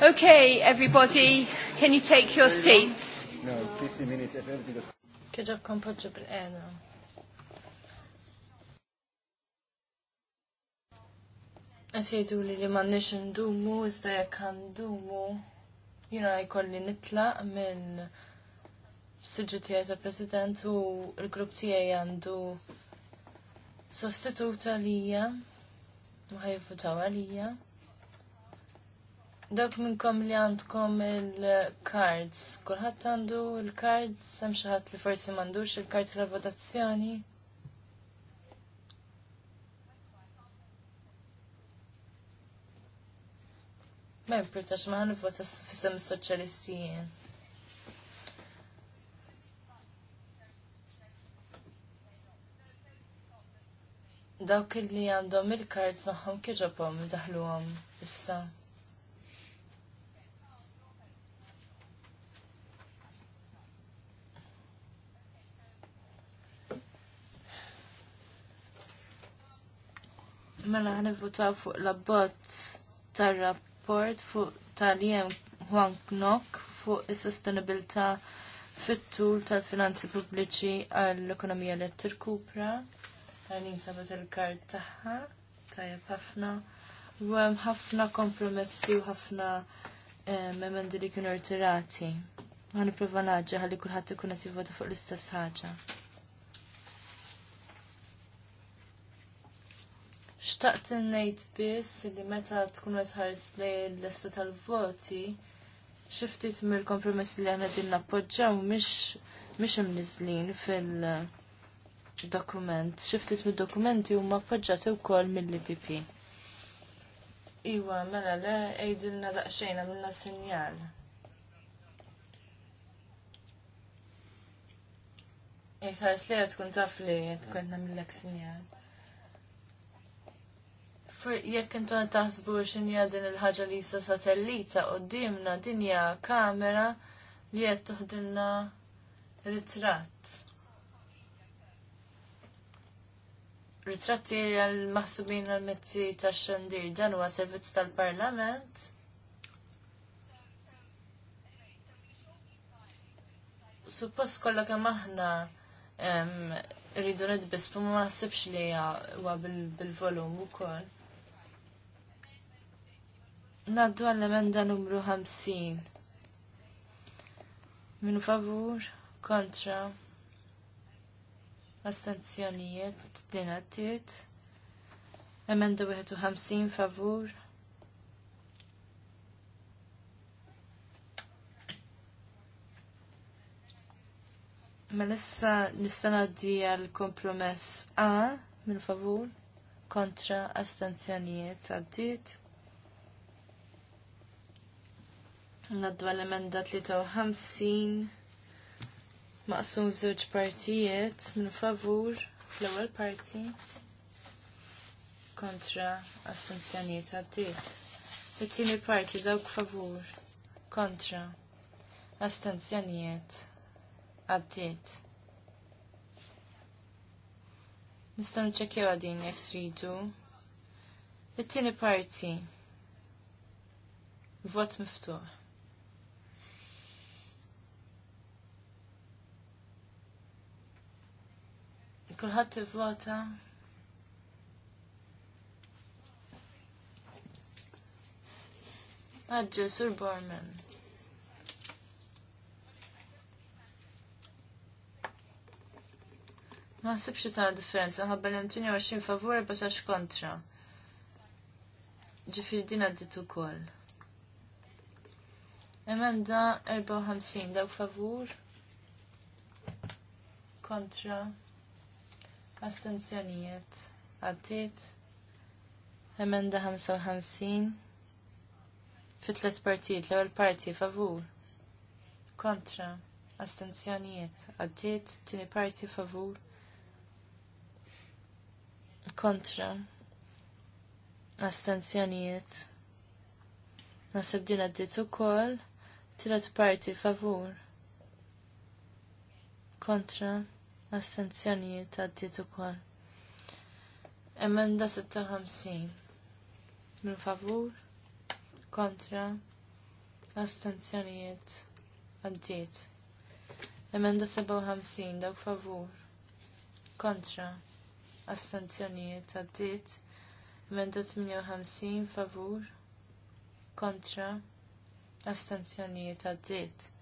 Okay, everybody, can you take your seats? Eh, no, 50 minutes. Kieġab kompoġġu bil li li mannix ndumu, jek ndumu, jina jkolli minn s-sġu tijaj president u l tijaj għandu sostituta lija, muħajfu għalija. Dok minnkom li għandkom il-cards, kulħadd għandu il-cards, hemm xi ħadd li forsi m'għandux il-cards tal votazzjoni. Ma jimportax ma ħan vota fissem soċjalisti jien. Dawk li għandhom il-cards magħhom kieġobhom daħluhom issa. Mela ħan votaw fuq l-abbozz tar-rapport fuq tal-jem Juan Knock fuq is-sostenibilità fit-tul tal-finanzi pubbliċi għall-ekonomija li tirkupra. Għan sabat il-kart taħħa, tajjeb ħafna. U hemm ħafna kompromessi u ħafna eh, memendi li kienu rtirati. Għan iprofa naġġa ħalli kulħadd ikun qed jivvota fuq l-istess ħaġa. Xtaqt ngħid biss li meta tkun qed ħares lejn l-lista tal-voti, xi ftit mill-kompromess li aħna din nappoġġaw mhix mhix imniżlin fil-dokument. Xi ftit mid-dokumenti huma appoġġjati wkoll mill-IPP. Iwa, mela le, ejdilna daqsxejn għamilna sinjal. Ej, ħares li tkun taf li tkun namillek sinjal jekk intom taħsbu xin din il-ħaġa li jista' satellita u din hija kamera li qed toħdilna ritratt. Ritratti għal-maħsubin għal-mezzi tax xandir dan huwa servizz tal-Parlament. suppost kolla kemm aħna rridu pa ma naħsibx li huwa bil-volum ukoll. Naddu għall-emenda numru 50. Minu favur, kontra, astanzjonijiet, dinatiet. Emenda 51 favur. nissa mela nista' ngħaddi għal kompromess A min favur kontra astenzjonijiet għaddiet. Naddu għal-emenda 53 maqsum żewġ partijiet minn favur fl-ewwel parti kontra astenzjonijiet għaddit. It-tieni parti dawk favur kontra astenzjonijiet għaddit. Nistgħu nċekkjaw din jekk tridu. It-tieni parti vot miftuħ. Kulħadd ivvota. Għadġu, Sur Borman. Ma sibx ta' differenza, ħabbel 28 favur e batax kontra. Ġifir din għaddit ukoll. Emenda 54, dawk favur. Kontra. Astenzjonijiet. Għaddit. Emenda 55. Fit-tlet partijiet, l-ewwel parti favur. Kontra. Astenzjonijiet. Għaddit. Tieni parti favur. Kontra. Astenzjonijiet. Nasib din għaddit ukoll. Tilet parti favur. Kontra Astenzjonijiet għaddiet ukoll. Emenda 56. Min favur, kontra, astenzjonijiet għaddiet. Emenda 57, dawk favur, kontra, astenzjonijiet għaddiet. Emenda 58, favur, kontra, astenzjonijiet għaddiet.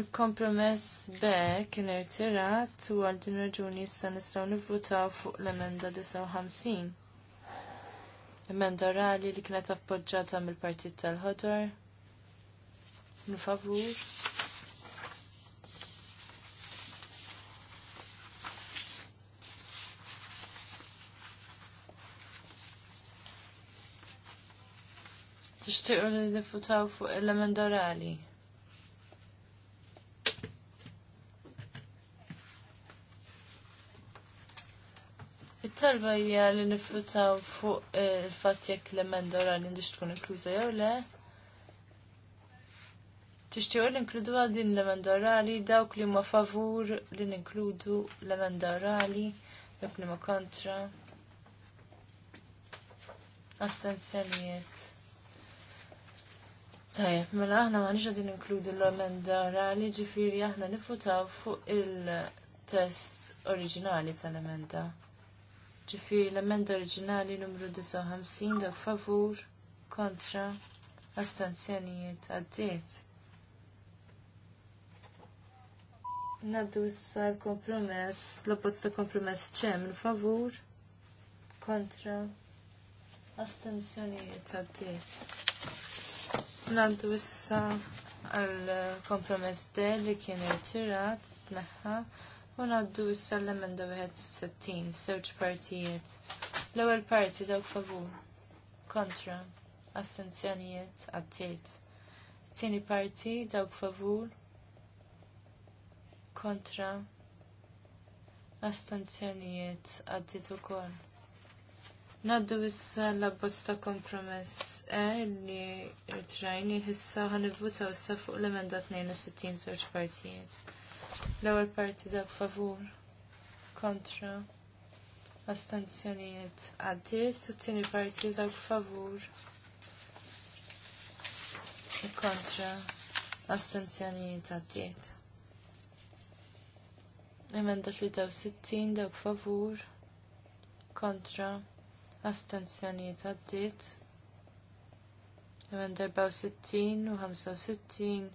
Il-kompromess B kien irtirat u għal din raġuni issa nistgħu nivvutaw fuq l-emenda 59. Emenda orali li kienet appoġġata mill-Partit tal-Ħodor. Nfavur. Tixtiequ li nifutaw fuq l-emenda orali. talba hija li nifutaw fuq eh, il-fatt jekk l-emenda orali ndix tkun inkluża jew le. Tixtiequ l inkludu din l-emenda orali dawk li huma favur li ninkludu l-emenda orali jekk li ma kontra. Astenzjonijiet. Tajjeb, mela aħna ma nix din inkludu l-emenda orali ġifiri aħna nifutaw fuq il-test oriġinali tal-emenda. Ġifiri l-emenda oriġinali numru 59 dak favur kontra astanzjonijiet għaddiet. Naddu sar kompromess, l-abbozz ta' kompromess ċem favur kontra astanzjonijiet għaddiet. Naddu issa għal kompromess del li kien irtirat, tneħħa U naddu issa l-emenda f-sewċ partijiet. l ewel parti dawk favur. Kontra. Astenzjonijiet għattiet. Tini parti dawk favur. Kontra. Astenzjonijiet u kol. Naddu issa l-abbozz ta' kompromess e li rtrajni ħissa ħanivvutaw s-safu l-emenda 62 sewċ partijiet. L-ewwel parti dak favur kontra astenzjonijiet għaddiet, t tieni parti dak favur kontra astenzjonijiet għaddiet. Emenda li daw 60 dawk favur kontra astenzjonijiet għaddiet. Emenda 64 u 65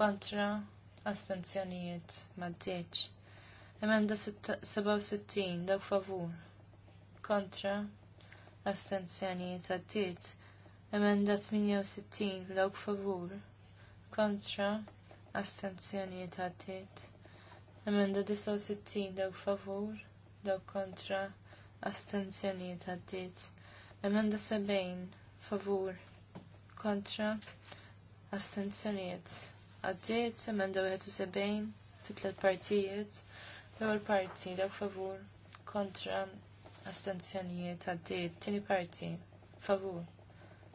kontra astenzjonijiet maddieċ. Emenda 67 dawk favur kontra astenzjonijiet għaddiet. Emenda 68 dawk favur kontra astenzjonijiet għaddiet. Emenda 69 dawk favur dawk kontra astenzjonijiet għaddiet. Emenda 70 favur kontra astenzjonijiet għaddiet emenda 71 fi tliet partijiet. L-ewwel parti daw favur kontra astenzjonijiet għaddiet. Tieni parti favur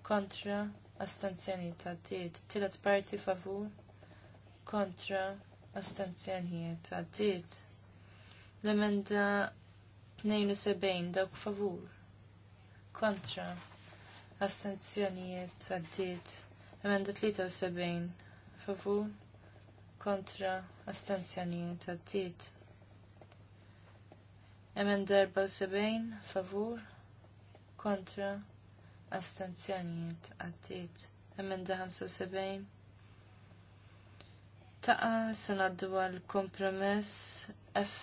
kontra astenzjonijiet għaddiet. Tielet parti favur kontra astenzjonijiet għaddiet. L-emenda 72 dawk favur kontra astenzjonijiet għaddiet. Emenda 73 favur kontra astenzjonijiet Emen darba sebejn favur kontra astenzjonijiet għaddit. Emenda sebejn taqa sanaddu għal kompromess F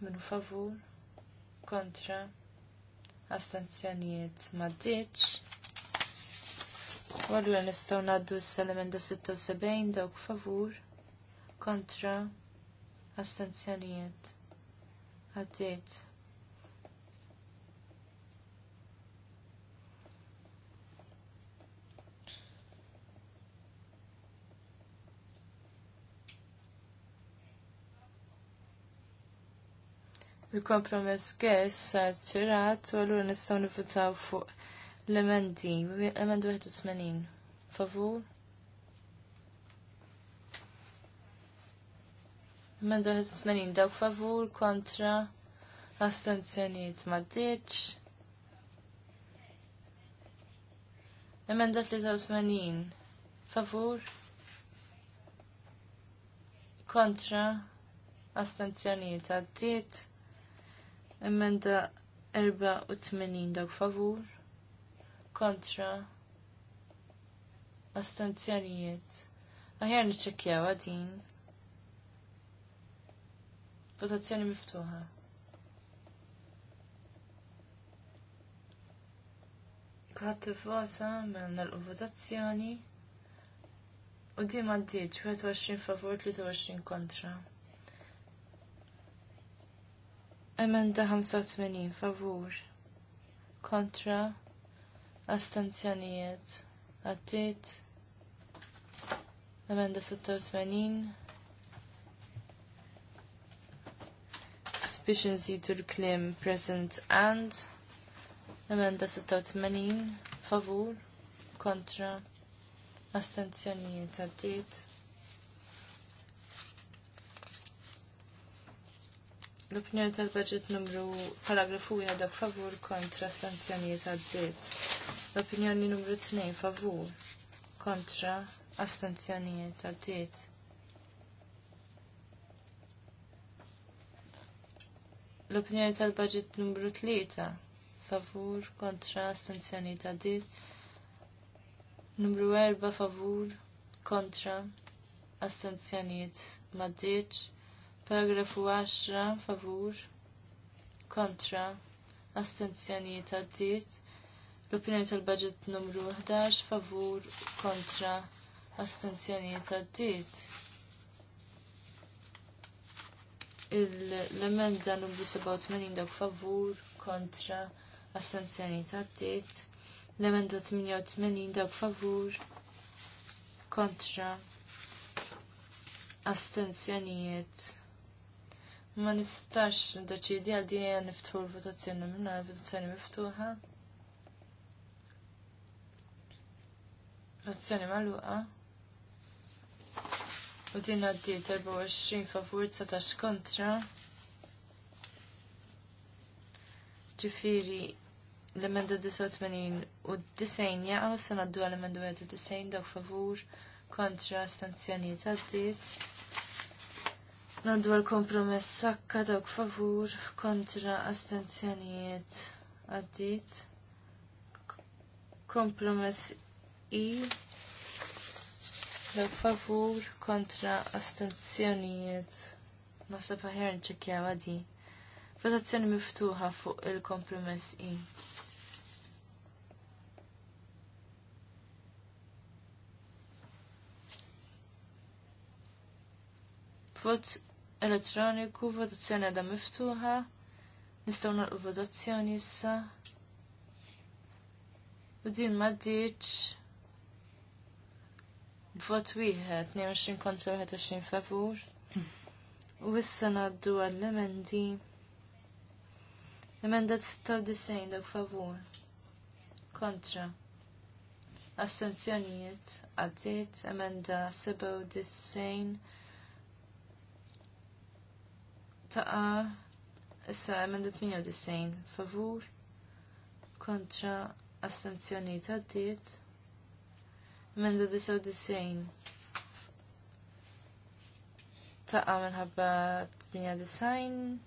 minn favur kontra astenzjonijiet maddiċ. Għallu għallura nistaw naddu s da 76 dawk favur kontra astenzjonijiet. Għaddiet. Il-kompromess għess ċirat u għallur nistaw nifutaw fuq L-emendi, emend 81, favur. Emend 81, dawk favur, kontra, astenzjoniet ma ditx. Emenda 83, favur, kontra, astenzjoniet għaddit. Emenda 84, dawk favur kontra astanzjonijiet Aħjar nċekjaw għadin. Votazzjoni miftuħa. Kħat vota mela nalqu votazzjoni. U di ma 21 favor, 23 kontra. Emenda 85 favur. Kontra Astenzjonijiet. Għaddit. Emenda 86. biex nżidu l-klim present and emenda 86 favur kontra astenzjonijiet għaddiet. L-opinjoni tal-budget numru paragrafu dak favur kontra astenzjonijiet għaddiet. L-opinjoni numru 2 favur kontra astenzjonijiet għaddiet. L-opinjoni tal-budget numru 3 favur kontra astenzjonijiet għaddiet. Numru 4 favur kontra astenzjonijiet maddiċ. Paragrafu 10 favur kontra astenzjonijiet għaddiet. L-opinjoni tal-budget numru 11 favur kontra astenzjonijiet għaddit. L-emenda numru 87 dak favur kontra astenzjonijiet għaddit. L-emenda 88 dak favur kontra astenzjonijiet. Ma nistax deċidi għal di għan niftħu l-votazzjoni nominali, votazzjoni miftuħa. Azzjoni maluqa. U din għaddiet 24 favur 19 kontra. Ġifiri l-emenda 89 u 90 jaqaw se naddu għal-emenda 91 dawk favur kontra stanzjonijiet għaddiet. Naddu għal-kompromess sakka dawk favur kontra astenzjonijiet għaddiet. Kompromess i dawk favur kontra astenzjonijiet. Nasab faħer nċekjaw għadi. Votazzjoni miftuħa fuq il-kompromess i. Vot elettroniku, votazzjoni għadha miftuħa. Nistgħu nagħlqu votazzjoni issa. U din ma ddiċ Vot wieħed 22 kontra 21 favur. U issa ngħaddu għall-emendi. Emenda 96 dak favur. Kontra. Astenzjonijiet għaddiet emenda 97 taqa issa emenda 98 favur kontra astenzjonijiet ta' Menda 99. Taqa minħabba 98.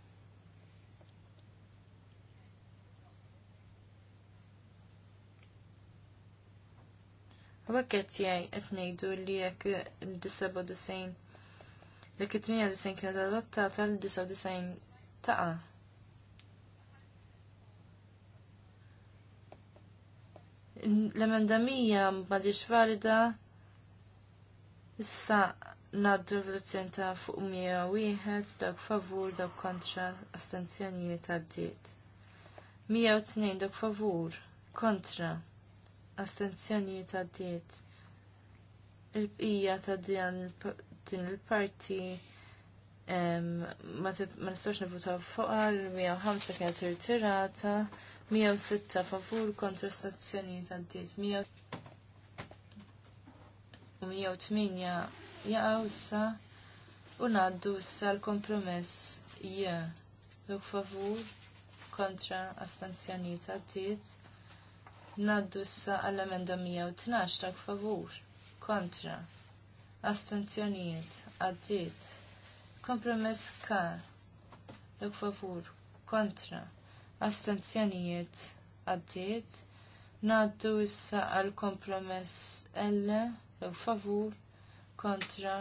Għabakket jgħaj għetnejdu li jek l-99 Jek 98 kienet adottata l-99 taqa. l-emendamija madix valida issa naddu l-votazzjoni ta' fuq 101 dawk favur dawk kontra astenzjonijiet t 102 dawk favur kontra astenzjonijiet għaddiet. Il-bqija ta' din il-parti ma nistax nivutaw fuq għal 105 kienet irritirata. tirata 106 favur kontra stazzjonijiet għaddiet 108 jaqaw sa u naddu l-kompromess ja dok favur kontra astanzjonijiet għaddiet naddu sa għall-emenda 112 tak favur kontra astanzjonijiet għaddiet kompromess ka dok favur kontra astenzjonijiet għaddiet. Naddu issa għal kompromess L u favur kontra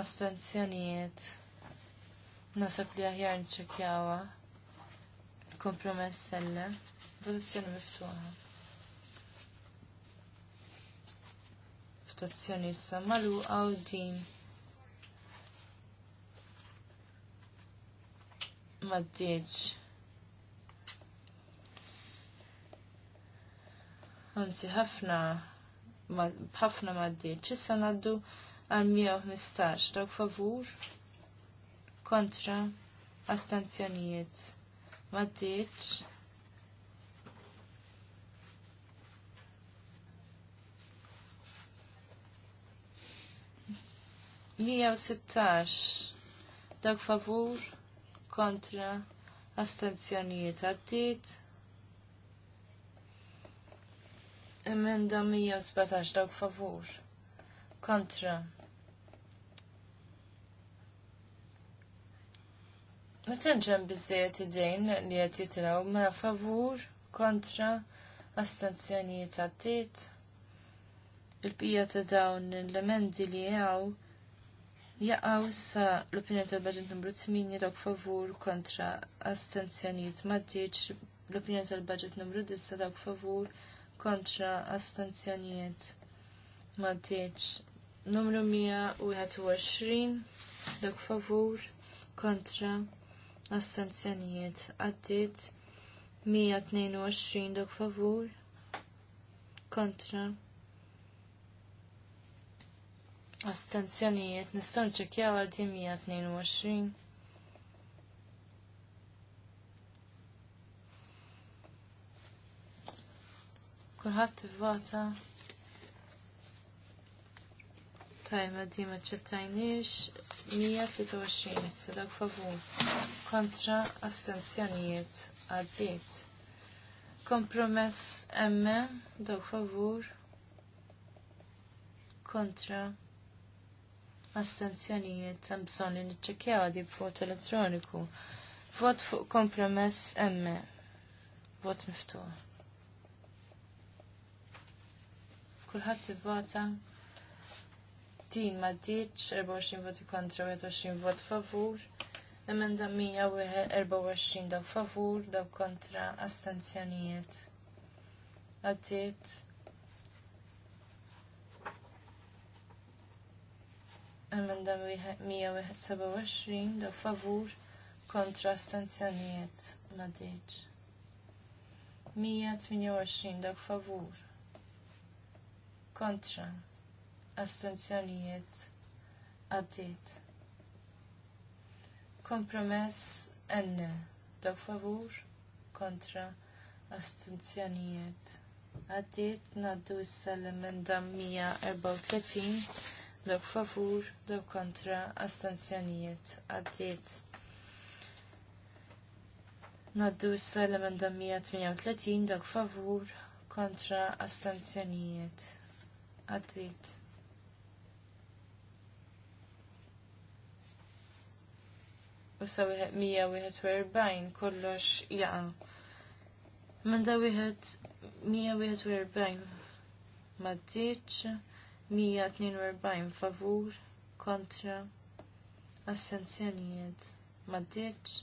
astenzjonijiet. Nasab li aħjar nċekjawa kompromess L. Votazzjoni miftuħa. Votazzjoni issa malu għaw din. Maddiċ. anzi ħafna ħafna maddi, Issa ngħaddu għal 115 dawk favur kontra astanzjonijiet maddiċ, Mija u sittax dak favur kontra astenzjonijiet għaddit. Emenda 117 dawk favur. Kontra. Ma tanġem bizzejet id-dejn li għed jitraw, ma favur, kontra, astanzjonijiet għaddit. Il-bija ta' dawn l-emendi li jgħaw jaqaw sa l-opinjoni tal-budget numru 8 dawk favur kontra astenzjonijiet maddiċ l-opinjoni tal-budget numru 10 dawk favur kontra astenzjonijiet maddiċ numru 121 Dok favur kontra astenzjonijiet għaddit 122 dok favur kontra astenzjonijiet nistgħu nċekkjaw għal 122 Kulħadd ivvota. Tajma di ma ċettajniex 123 issa favur kontra astenzjonijiet għaddiet. Kompromess emme dak favur kontra astenzjonijiet hemm li niċċekkjaw għadi b'vot elettroniku. Vot fuq kompromess emme. Vot miftuħ. kulħadd ivvota din ma ddiċ 24 voti kontra 21 vot favur. Emenda 124 daw favur, daw kontra astenzjonijiet. Għaddit. Emenda 127 daw favur, kontra astenzjonijiet. Ma ddiċ. 128 daw favur kontra astenzjonijiet għaddit. Kompromess N dawk favur kontra astenzjonijiet għaddit naddu issa l-emenda 134 dawk favur dawk kontra astenzjonijiet għaddit. Naddu issa l-emenda 138 dak favur kontra astanzjonijiet Għaddit. U sa wieħed mija wieħed werbajn kollox jaqa. Manda wieħed mija wieħed werbajn maddiċ, mija tnejn werbajn favur kontra assenzjonijiet maddiċ.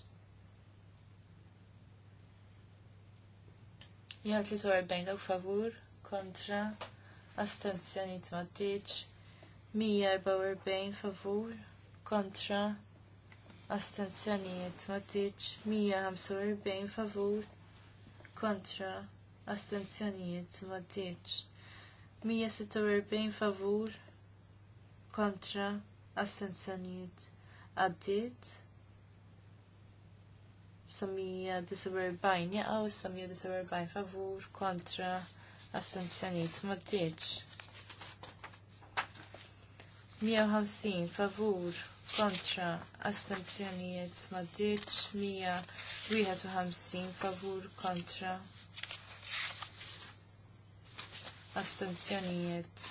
Jgħat li favur kontra astenzjoniet maddiċ, 144 favur kontra astenzjoniet maddiċ, 145 favur kontra astenzjoniet maddiċ, 146 favur kontra t-addiċ, astenzjoniet għaddit. bajn jaqaw, bajn favur kontra astenzjoniet maddiċ. 150 favur kontra astenzjonijiet maddiċ 151 favur kontra astenzjonijiet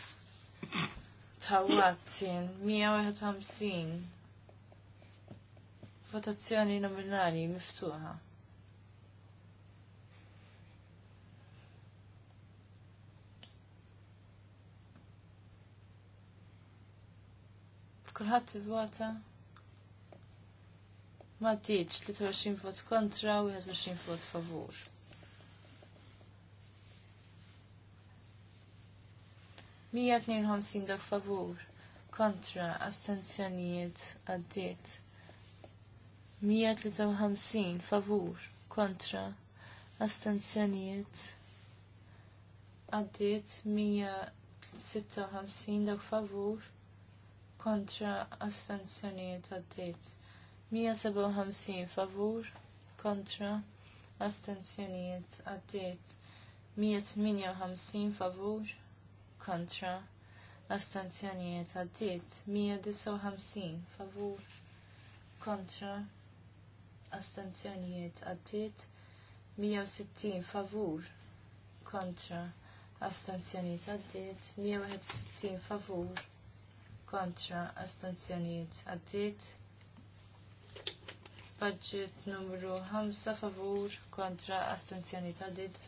tawatin 151 votazzjoni nominali miftuħa. kulħat Kulħadd vota Ma t-tiċ, tiġ 23 vot kontra u 21 vot favur. Mija t-nirħom sindak favur kontra astenzjonijiet għaddiet. sin, favur kontra astenzjonijiet għaddiet sin, dak favur kontra astenzjonijiet għaddit. 157 favur kontra astenzjonijiet għaddit. 158 favur kontra astenzjonijiet għaddit 159 favur kontra astenzjonijiet għaddit 160 favur kontra astenzjonijiet għaddit 161 favur kontra astanzjoniet għaddit. Budget numru 5 favur kontra astanzjoniet għaddit.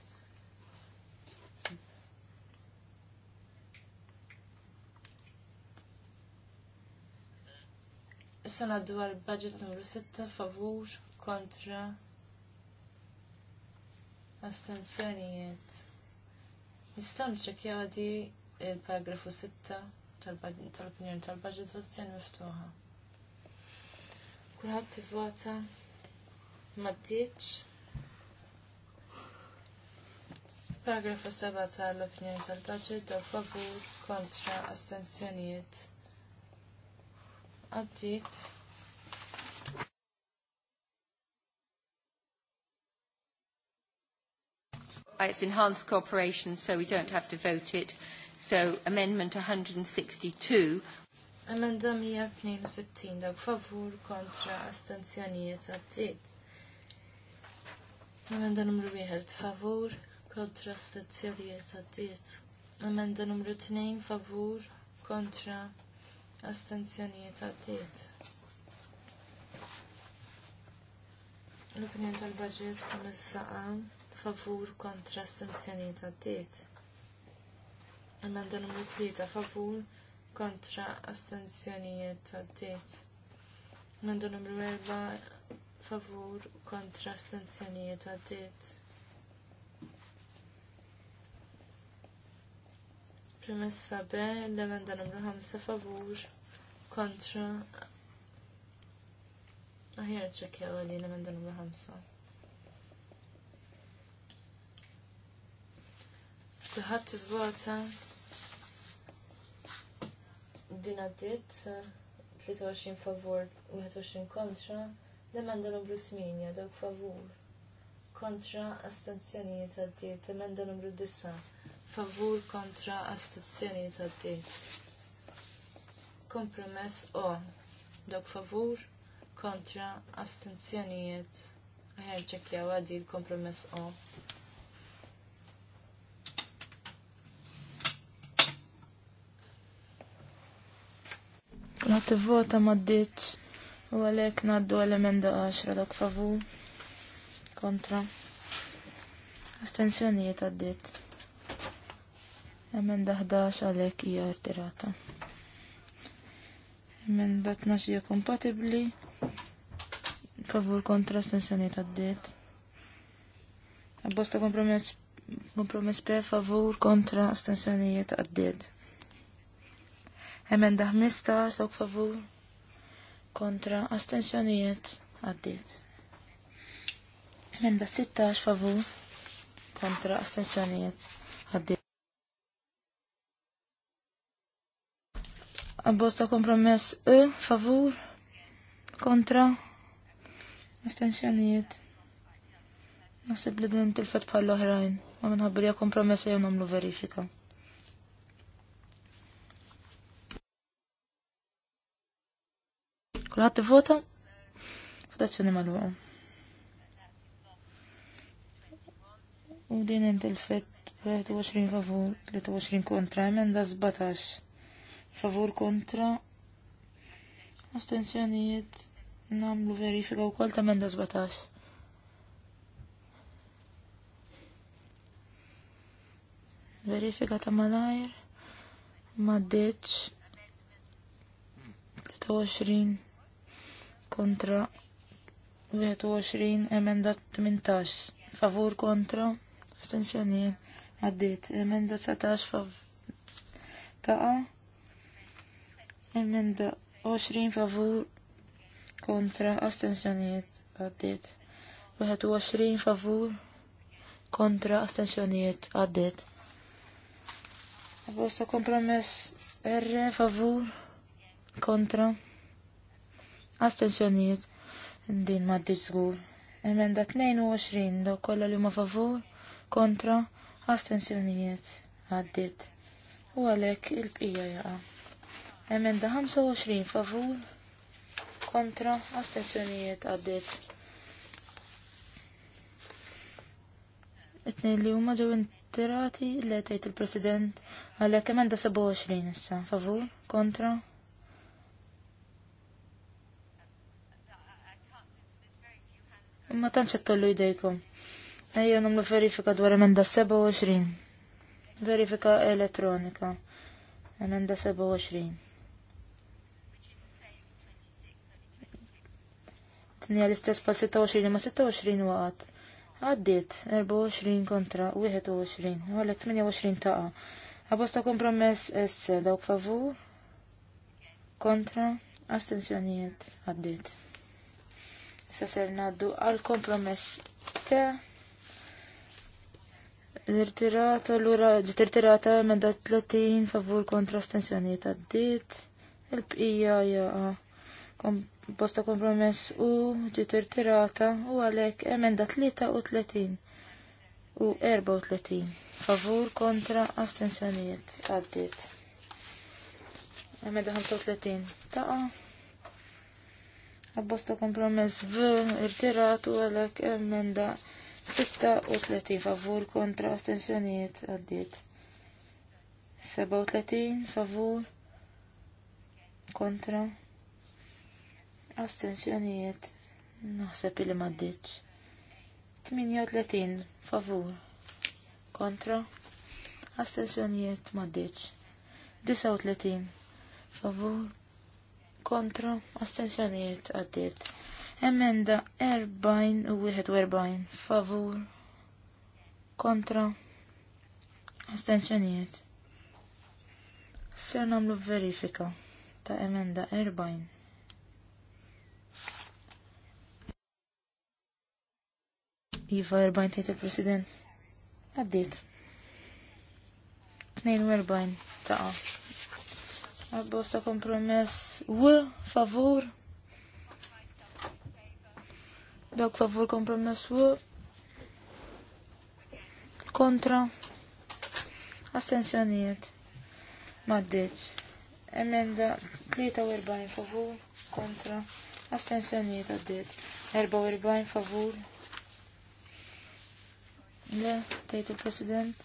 Sana dwar budget numru 6 favur kontra astanzjoniet. Nistan nċekjaw għadi il-paragrafu 6 tal-opinjoni tal-budget votazzjoni miftuħa. Kulħadd tivvota m'għaddiċ. Paragrafu 7 tal-opinjoni tal-budget dal favur kontra astenzjonijiet. Għaddit. It's enhanced cooperation, so we don't have to vote it. So amendment 162. Amenda 162 dak favur kontra astenzjonijiet għaddit. Amenda numru 1 favur kontra astenzjonijiet għaddit. Amenda numru 2 favur kontra astenzjonijiet għaddit. l opinjon tal-budget kumissa għam favur kontra astenzjonijiet għaddit. Emenda numru 3 favur kontra astenzjonijiet għaddiet. Emenda numru 4 favur kontra astenzjonijiet għaddiet. Premessa B, l-emenda numru 5 favur kontra Aħjar ċekjaw għalli l-emenda numru 5. il-vota din għaddiet 23 favur, 21 kontra, demanda numru 8, dawk favur. Kontra astenzjonijiet għaddiet, emenda numru 9, favor kontra astenzjonijiet għaddiet. Kompromess O, dawk favur, kontra astenzjonijiet. Ħerġek jaw għaddi l-kompromess O. Għat vota maddiċ. U għalek naddu għal-emenda 10 dak favu Kontra. Astensjonijiet għaddit. Emenda 11 għalek hija irtirata. Emenda 12 hija kompatibbli. Favur kontra astensjonijiet għaddit. Abbosta kompromess kompromess per favur kontra astensjonijiet għaddit. Emenda 15, sok favur. Kontra astensjonijiet għaddit. Emenda 16, favur. Kontra astensjonijiet għaddit. Abbosta kompromess E, favur. Kontra astensjonijiet. Nasib li din tilfet bħal oħrajn, ma minħabba li kompromessa jew nagħmlu verifika. Kulħat Kulħadd ivvota? Votazzjoni magħluqa. U din jent il intilfet 21 favur, 23 kontra, emenda 17. Favur kontra, astensjonijiet, namlu verifika u kol ta' emenda 17. verifika ta' malajr maddeċ, 23 kontra 21 emenda 18 favur kontra astensjonijiet għaddit emenda 19 fav taqa emenda 20 favur kontra astensjonijiet għaddit 21 favur kontra astensjonijiet għaddit Bosta kompromess R favur kontra astensjonijiet din ma żgur. Emenda 22 do kollha li ma favur kontra astensjonijiet għaddit. U għalhekk il-bqija jaqa. Emenda 25 favur kontra astensjonijiet għaddit. Itnej li huma ġew intirati li għetajt il-President għalhekk emenda 27 issa, favur, kontra, Ma tantx qed tollu jdejkom. Ejja numlu verifika dwar emenda 27. Verifika elettronika. Emenda 27. Tnija l-istess pa' 26 ma' 26 waqat. Għaddit 24 kontra 21, għalek 28 taqa. Għabosta kompromess esse dawk favur, kontra, astensjonijiet, għaddit. Sa ser naddu għal kompromess te. l-irtirata l-ura ġitirtirata emenda 30 favur kontra d-dit Il-bqija jaqa bosta kompromess u ġitirtirata u għalek emenda 33 u 34 favur kontra astensjoniet għaddit. Emenda 35 ta'. Abbosta kompromess V irtiratu u għalek emenda 36 favur kontra astensjoniet għaddit. 37 favur kontra astensjoniet naħseb li maddiċ. 38 favur kontra astensjoniet maddiċ. 39 favur kontra astensjonijiet għaddit. Emenda 40 u 41 favur kontra astensjonijiet. Ser namlu verifika ta' emenda 40. Iva 40 tejt il-President. Għaddit. 42 ta' Abbosta kompromess u favur. Dok favur kompromess u kontra astensjonijiet maddeċ. Emenda 43 favur kontra astensjonijiet għaddeċ. 44 favur. Le, tejt president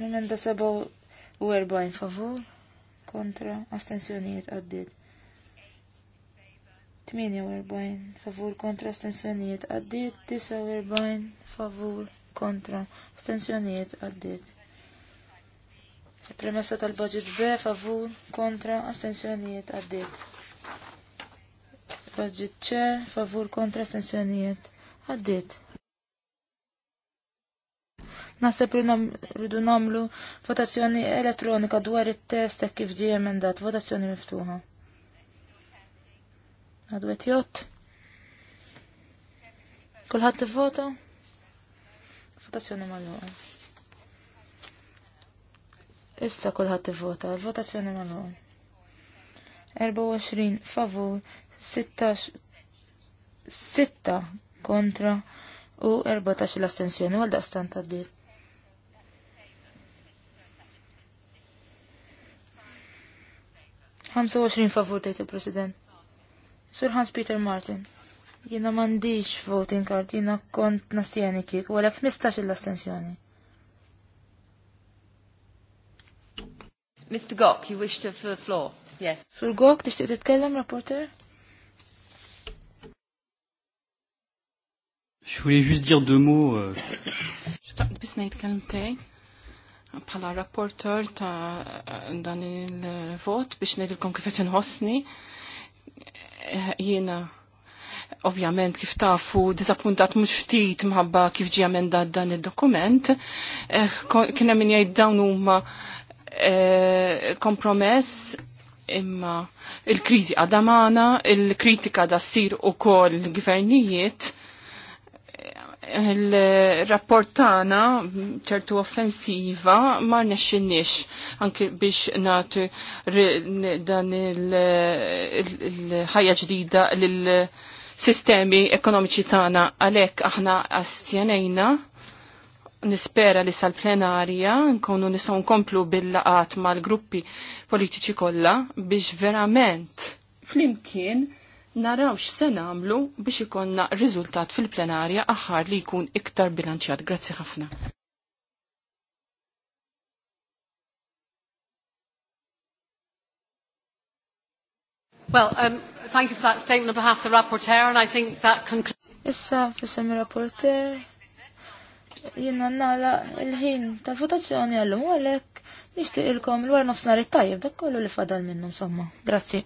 Emenda 47 u 40 favur kontra astensjonijiet għaddit. 48 favur kontra astensjonijiet għaddit, 49 favur kontra astensjonijiet għaddit. Premessa tal-budget B favur kontra astensjonijiet għaddit. Budget C favur kontra astensjonijiet għaddit. Nasib li rridu namlu votazzjoni elettronika dwar it-test kif ġie emendat, votazzjoni miftuħa. Għadu għet jott. Kulħat t Votazzjoni mal Issa kulħadd ivvota, l-votazzjoni magħluqa. 24 favur, 6 kontra u 14 l-astensjoni għal daqstan tad ditt. 25 favur tejt il-President. Sur Hans Peter Martin. Jina mandiċ voting card, jina kont nastijani kik, u għalek 15 l-astensjoni. Mr. Gok, you wish to have the floor? Yes. Sur Gok, tixtiq titkellem, rapporter? Je voulais juste dire deux mots. Euh. Je t'en pis nejt kelmtej bħala rapporter ta' dan il-vot biex nedilkom kif qed inħossni. Jiena ovvjament kif tafu dizappuntat mhux ftit mħabba kif ġie amendat dan id-dokument. Eh, kien hemm min jgħid dawn huma eh, kompromess imma il-kriżi għadamana, il-kritika da ssir ukoll kol gvernijiet il rapportana ċertu offensiva ma nexxinniex anke biex nagħtu dan il-ħajja ġdida l sistemi ekonomiċi tagħna għalhekk aħna astjanejna nispera li sal-plenarja nkunu nistgħu nkomplu bil-laqat mal-gruppi politiċi kollha biex verament flimkien naraw se nagħmlu biex ikonna riżultat fil-plenarja aħħar li jkun iktar bilanċjat. Grazzi ħafna. Well, um, thank you for that statement on behalf of the rapporteur, and I think that concludes... Issa, fissam il-rapporteur, jina nala il-ħin ta' votazzjoni għallum għalek, nishtiq il-kom l-għar nofsnar it-tajib, dak kollu li fadal minnum somma. Grazzi.